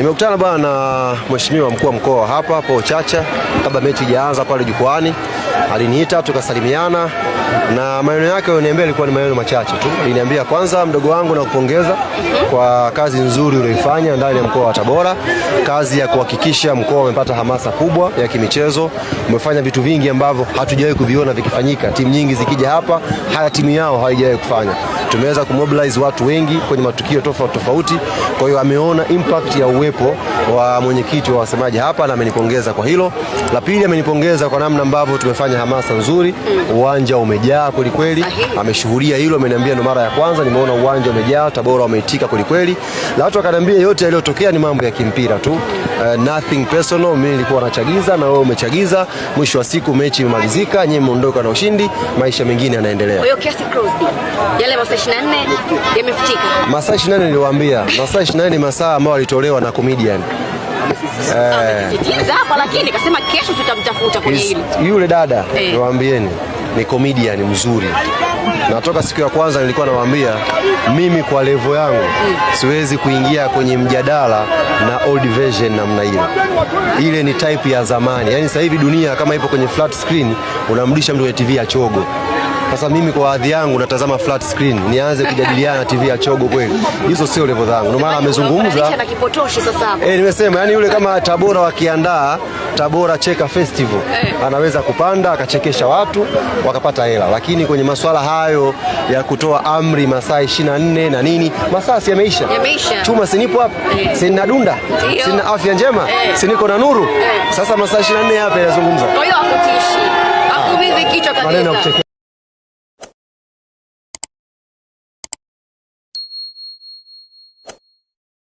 Nimekutana bwana na mheshimiwa mkuu wa mkoa hapa hapo Chacha kabla mechi ijaanza pale jukwani aliniita tukasalimiana, na maneno yake aliyoniambia ilikuwa ni maneno machache tu. Aliniambia, kwanza mdogo wangu, na kupongeza kwa kazi nzuri uliyoifanya ndani ya mkoa wa Tabora, kazi ya kuhakikisha mkoa umepata hamasa kubwa ya kimichezo. Umefanya vitu vingi ambavyo hatujawahi kuviona vikifanyika. Timu nyingi zikija hapa, haya timu yao haijawahi kufanya. Tumeweza kumobilize watu wengi kwenye matukio tofauti tofauti. Kwa hiyo ameona impact ya uwepo wa mwenyekiti wa wasemaji hapa na amenipongeza kwa hilo. La pili, amenipongeza kwa namna ambavyo tume amefanya hamasa nzuri, mm. uwanja umejaa kwelikweli, ameshuhudia hilo, ameniambia ndo mara ya kwanza nimeona uwanja umejaa, Tabora wameitika kwelikweli, na watu wakaniambia yote yaliyotokea ni mambo ya kimpira tu, uh, nothing personal. Mimi nilikuwa nachagiza na wewe umechagiza, mwisho wa siku mechi imemalizika, nyinyi mmeondoka na ushindi, maisha mengine yanaendelea. Kwa hiyo kiasi Crosby, yale masaa 24 yamefichika. Masaa 24 niliwaambia, masaa 24 ni masaa ambayo alitolewa na comedian hapa, lakini kasema kesho tutamtafuta kwenye hili. Yule dada eh. niwaambieni, ni comedian mzuri na toka siku ya kwanza nilikuwa nawaambia mimi kwa levo yangu mm. siwezi kuingia kwenye mjadala na old version namna hiyo. Ile ni type ya zamani, yaani sasa hivi dunia kama ipo kwenye flat screen, unamrudisha mtu kwenye TV ya chogo. Sasa mimi kwa adhi yangu natazama flat screen, nianze kujadiliana na TV ya chogo kweli? Hizo sio levo zangu, ndio maana amezungumza na kipotoshi sasa. Eh, nimesema yani yule kama Tabora wakiandaa Tabora Cheka Festival hey, eh. anaweza kupanda akachekesha watu wakapata hela, lakini kwenye masuala hayo ya kutoa amri masaa 24 na nini, masaa si yameisha, yameisha. Chuma sinipo hapa hey, eh. sina dunda Tiyo, sina afya njema hey, eh. siniko na nuru hey. Sasa masaa 24 hapa yanazungumza, kwa hiyo akutishi ah. hakumizi kichwa kabisa.